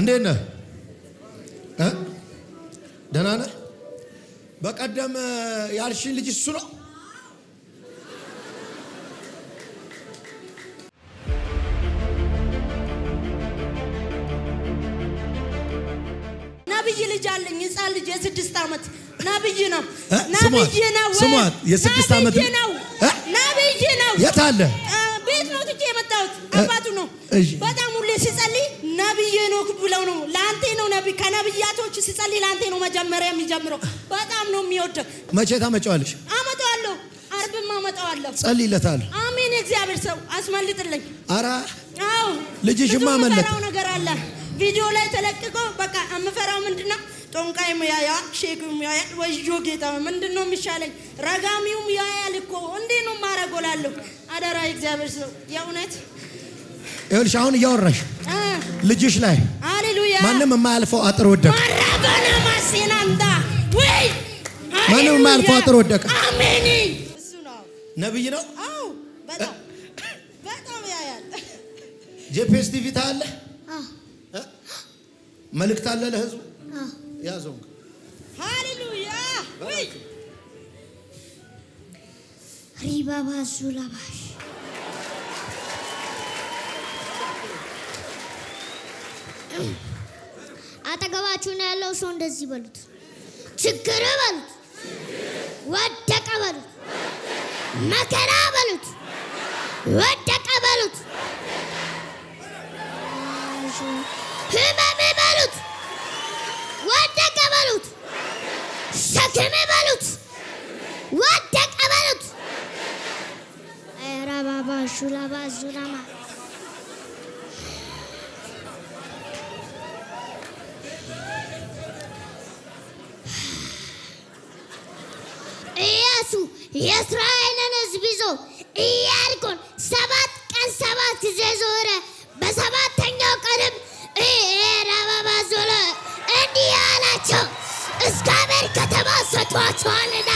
እንዴት ነህ? ደህና ነህ? በቀደም ያልሽኝ ልጅ እሱ ነው። ነብይ ልጅ አለኝ፣ ህፃን ልጅ የስድስት ዓመት ነብይ ነው። ነብይ ነው። ስሟት። የስድስት ዓመት ነብይ ነው። የት አለ? ቤት ነው ትቼ የመጣሁት አባቱ ነው። በጣም ሁሌ ነብዬ ሄኖክ ብለው ነው። ለአንቴ ነው ነብይ ከነብያቶች ሲጸልይ ለአንቴ ነው መጀመሪያ የሚጀምረው። በጣም ነው የሚወደው። መቼ ታመጫዋለሽ? አመጣዋለሁ። አርብም አመጣዋለሁ። ጸልይለታል። አሜን። የእግዚአብሔር ሰው አስመልጥልኝ። አራ አዎ፣ ልጅሽማ መለክ ነገር አለ ቪዲዮ ላይ ተለቅቆ በቃ የምፈራው ምንድን ነው? ጦንቃይም ያያል፣ ሼክም ያያል። ወዮ ጌታ ምንድን ነው የሚሻለኝ? ረጋሚውም ያያል እኮ እንዴ ነው ማረጎላለሁ። አደራ የእግዚአብሔር ሰው የእውነት ይኸውልሽ አሁን እያወራሽ ልጅሽ ላይ ማንም የማያልፈው አጥር ወደቀ። ማንም የማያልፈው አጥር ወደቀ። ነብይ ነው። ጄፒኤስ ቲቪ ታለ መልእክት አለ ለህዝቡ ያዘው። ሃሌሉያ ሪባባዙ ለባሽ አጠገባችሁ ነው ያለው ሰው እንደዚህ በሉት፣ ችግር በሉት፣ ወደቀ በሉት፣ መከራ በሉት፣ ወደቀ በሉት፣ በሉት፣ ወደቀ በሉት፣ በሉት፣ ወደቀ በሉት የእስራኤልን ሕዝብ ይዞ ኢያሪኮን ሰባት ቀን ሰባት ጊዜ ዞረ። በሰባተኛው ቀንም ረባባዞለ እንዲህ አላቸው፣ እስከ ከተማ ሰጥቷቸዋልና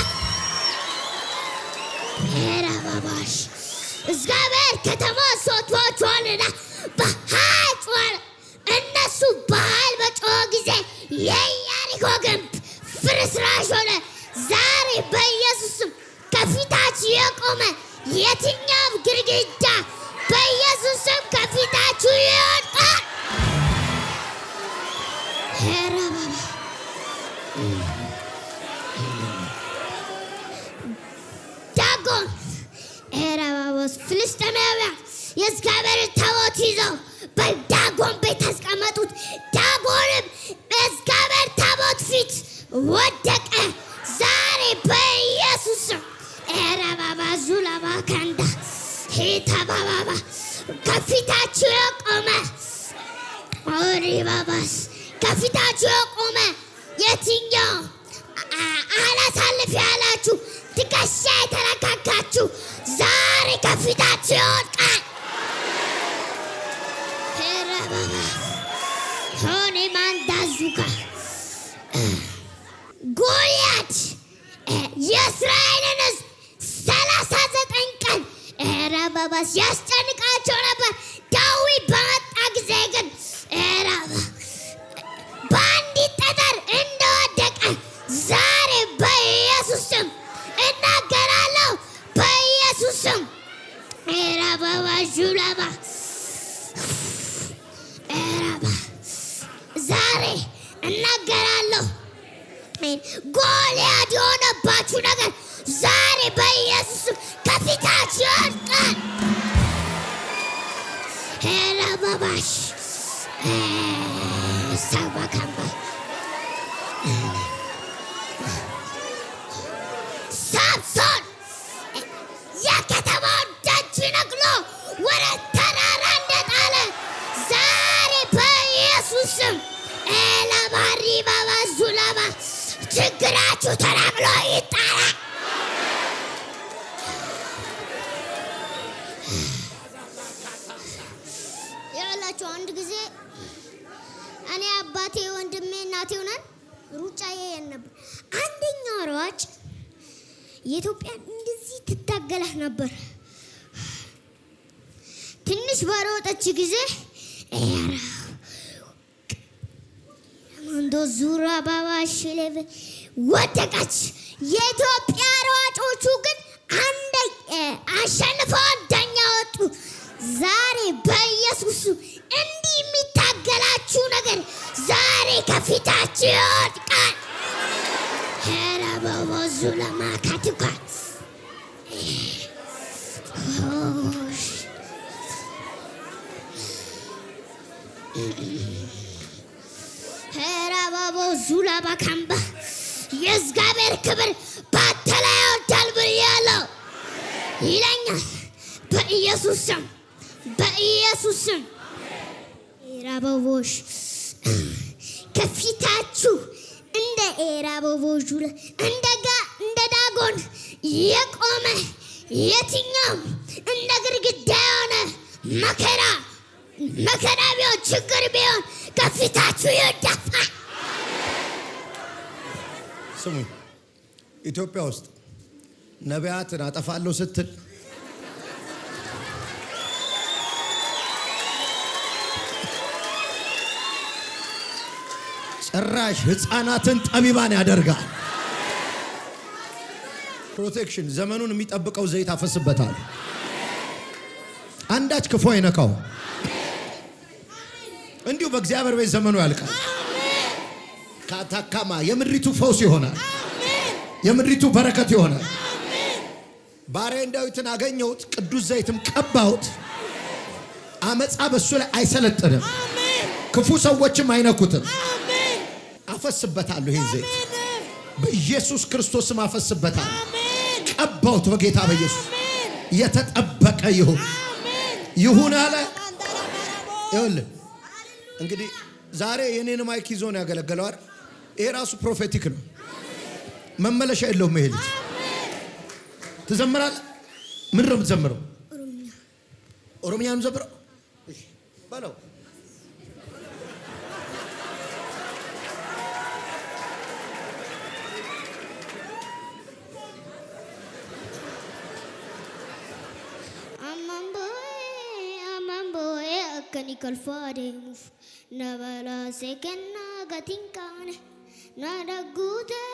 ረባባሽ እስከ ከተማ ሰጥቷቸዋልና በሀያ እነሱ በሀያ በጮኸ ጊዜ የኢያሪኮ ግንብ ፍርስራሽ ሆነ። ዛሬ በኢየሱስም ከፊታች የቆመ የትኛውም ግድግዳ በኢየሱስ ስም ከፊታችሁ ይወድቃል። ዳጎን ራባቦስ ፍልስጤማውያን የእግዚአብሔርን ታቦት ይዘው ከፊታችሁ የቆመ ሪባባስ ከፊታችሁ የቆመ የትኛው አላሳልፍ ያላችሁ ትከሻ የተረካካችሁ ዛሬ ከፊታችሁ ይወድቃል። ረባባ ሆኔ ማንዳዙካ ጎልያድ የእስራኤልን ኧረ በባስ ያስጨንቃቸው ነበር። ዳዊት በመጣ ጊዜ ግን ኧረ በአንዲት ጠጠር እንደወደቀ ዛሬ በኢየሱስ ስም እናገራለሁ። በኢየሱስ ስም ኧረ በባስ ሹለባ ዛሬ እናገራለሁ። ጎልያድ የሆነባችሁ ነገር ዛሬ በኢየሱስ ከፊታችሁ ይወድቃል። ሄረ ባባሽ ሳባካባ ሳምሶን የከተማውን ደጅ ነቅሎ ወደ ተራራ እንደጣለ ዛሬ በኢየሱስም ኤለባሪ ባባ ዙላባ ችግራችሁ ተናቅሎ ይጣላል። አባቴ ወንድሜ እናቴ ሆነን ሩጫ ያየን ነበር። አንደኛው ሯጭ የኢትዮጵያን እንደዚህ ትታገላት ነበር። ትንሽ በሮጠች ጊዜ እንዶ ዙራ ባባሽ ወደቀች። የኢትዮጵያ ሯጮቹ ግን አንደ አሸንፈው አንደኛ ወጡ። ዛሬ በኢየሱስ ዙላባ ካምባ የእግዚአብሔር ክብር ባንተ ላይ ወርዷል ብያለሁ ይለኛል። በኢየሱስ ስም በኢየሱስ ስም ኤራበቦሽ ከፊታችሁ እንደ ኤራበቦሹ ኤራበቦሽ እንደ ዳጎን የቆመ የትኛውም እንደ ግድግዳ የሆነ መከራ መከራ ቢሆን ችግር ቢሆን ከፊታችሁ ይወዳፋል። ስሙኝ፣ ኢትዮጵያ ውስጥ ነቢያትን አጠፋለሁ ስትል ጭራሽ ህፃናትን ጠቢባን ያደርጋል። ፕሮቴክሽን ዘመኑን የሚጠብቀው ዘይት አፈስበታል። አንዳች ክፉ አይነካው። እንዲሁ በእግዚአብሔር ቤት ዘመኑ ያልቃል። ካታካማ የምድሪቱ ፈውስ ይሆናል። የምድሪቱ በረከት ይሆናል። ባሪያዬን ዳዊትን አገኘሁት፣ ቅዱስ ዘይትም ቀባሁት። አመፃ በሱ ላይ አይሰለጥንም፣ ክፉ ሰዎችም አይነኩትም። አፈስበታለሁ፣ ይህን ዘይት በኢየሱስ ክርስቶስም አፈስበታል። ቀባሁት፣ በጌታ በኢየሱስ የተጠበቀ ይሁን ይሁን አለ። ይኸውልህ እንግዲህ ዛሬ የኔን ማይክ ይዞ ነው ያገለገለዋል። ይሄ ራሱ ፕሮፌቲክ ነው። መመለሻ የለውም። ይሄ ልጅ ትዘምራለህ። ምንድን ነው የምትዘምረው? ኦሮምኛ ነው ዘምረው በለው። كنك الفاري نبلا سكنا قتين كانه Naragude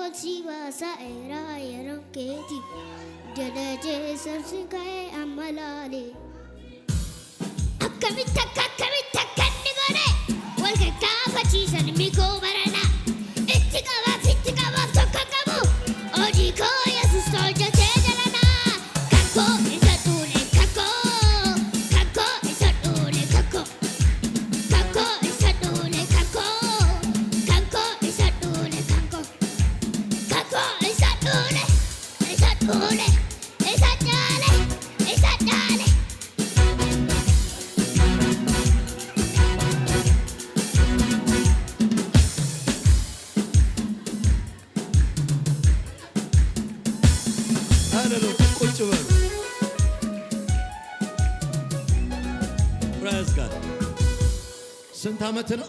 ochiwa sa era yaron keti Jada je sarsin kae amalale Akkavita kakavita kandigore Walka kapachi sanmiko ስንት ዓመት ነው?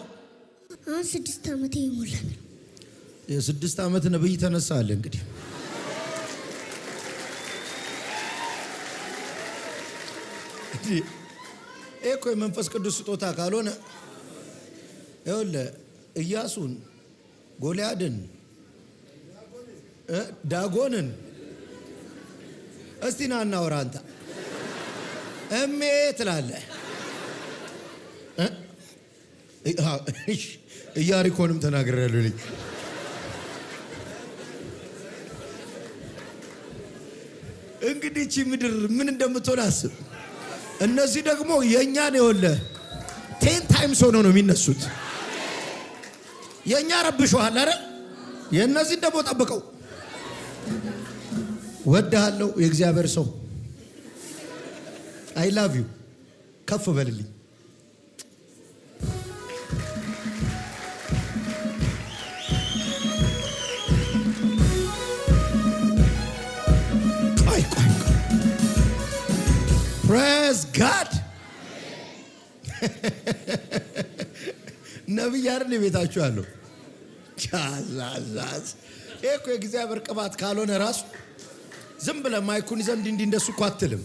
አሁን ስድስት ዓመት ይሞላል። የስድስት ዓመት ነብይ ተነሳ አለ እንግዲህ እንዲ እኮ የመንፈስ ቅዱስ ስጦታ ካልሆነ ይኸውልህ ኢያሱን፣ ጎልያድን፣ ዳጎንን እስቲ ና እናወራ። አንተ እሜ ትላለህ፣ ኢያሪኮንም ተናግሬያለሁ ልኝ እንግዲህ ይቺ ምድር ምን እንደምትሆን አስብ። እነዚህ ደግሞ የእኛን የወለ ቴን ታይምስ ሆነው ነው የሚነሱት። የእኛ ረብሸዋል አረ የእነዚህን ደግሞ ጠብቀው ወድሃለሁ፣ የእግዚአብሔር ሰው አይ ላቭ ዩ ከፍ በልልኝ። ፕሬዝ ጋድ ነቢይ አይደል ቤታችሁ አለው። ቻላዛዝ ይሄ እኮ የእግዚአብሔር ቅባት ካልሆነ ራሱ ዝም ብለህ ማይኩን ይዘህ እንዲህ እንዲህ እንደሱ እኮ አትልም።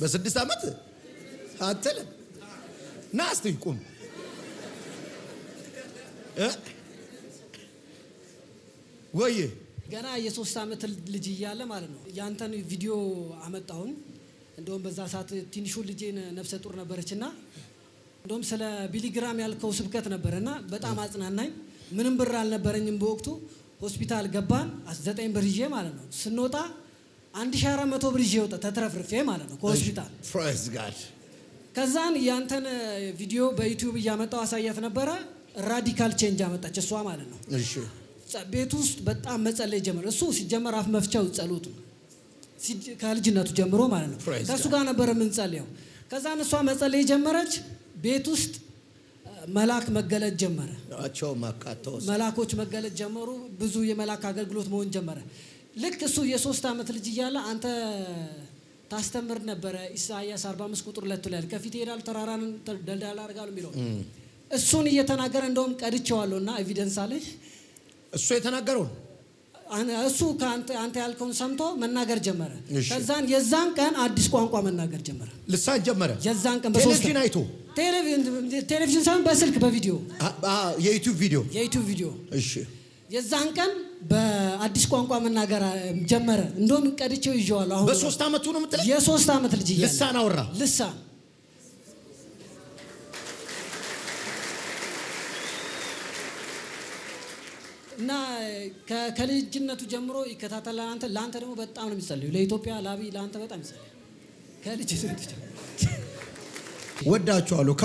በስድስት ዓመት አትልም። ና እስቲ ቁም ወይ ገና የሶስት ዓመት ልጅ እያለ ማለት ነው። ያንተን ቪዲዮ አመጣሁን እንደውም በዛ ሰዓት ትንሹ ልጄን ነፍሰ ጡር ነበረች እና እንደውም ስለ ቢሊግራም ያልከው ስብከት ነበር እና በጣም አጽናናኝ። ምንም ብር አልነበረኝም በወቅቱ ሆስፒታል ገባን። ዘጠኝ ብር ይዤ ማለት ነው ስንወጣ አንድ ሺ አራት መቶ ብር ይዤ ወጣ ተትረፍርፌ ማለት ነው ከሆስፒታል ከዛን ያንተን ቪዲዮ በዩቲዩብ እያመጣው አሳያት ነበረ። ራዲካል ቼንጅ አመጣች እሷ ማለት ነው። ቤት ውስጥ በጣም መጸለይ ጀመር። እሱ ሲጀመር አፍ መፍቻው ጸሎት ነው። ከልጅነቱ ጀምሮ ማለት ነው። ከእሱ ጋር ነበር የምንጸልየው። ከዛን እሷ መጸለይ ጀመረች። ቤት ውስጥ መላክ መገለጥ ጀመረ። መላኮች መገለጥ ጀመሩ። ብዙ የመላክ አገልግሎት መሆን ጀመረ። ልክ እሱ የሶስት ዓመት ልጅ እያለ አንተ ታስተምር ነበረ። ኢሳያስ 45 ቁጥር ሁለት ላይ ከፊት ይሄዳል ተራራን ደልዳላ አድርጋለሁ የሚለው እሱን እየተናገረ እንደውም ቀድቼዋለሁ እና ኤቪደንስ አለሽ እሱ የተናገረው እሱ አንተ ያልከውን ሰምቶ መናገር ጀመረ። ከዛን የዛን ቀን አዲስ ቋንቋ መናገር ጀመረ። ልሳን ጀመረ። የዛን ቀን ቴሌቪዥን አይቶ ቴሌቪዥን ሳይሆን በስልክ በቪዲዮ የዩቱብ ቪዲዮ የዩቱብ ቪዲዮ። እሺ የዛን ቀን በአዲስ ቋንቋ መናገር ጀመረ። እንደውም ቀድቼው ይዤዋለሁ። አሁን በሶስት አመቱ ነው የምትለው? የሶስት አመት ልጅ ልሳን አወራ ልሳን እና ከልጅነቱ ጀምሮ ይከታተል። ለአንተ ለአንተ ደግሞ በጣም ነው የሚጸልዩ ለኢትዮጵያ ላቢ ለአንተ በጣም ይጸልዩ ከልጅነቱ ጀምሮ ወዳችኋለሁ።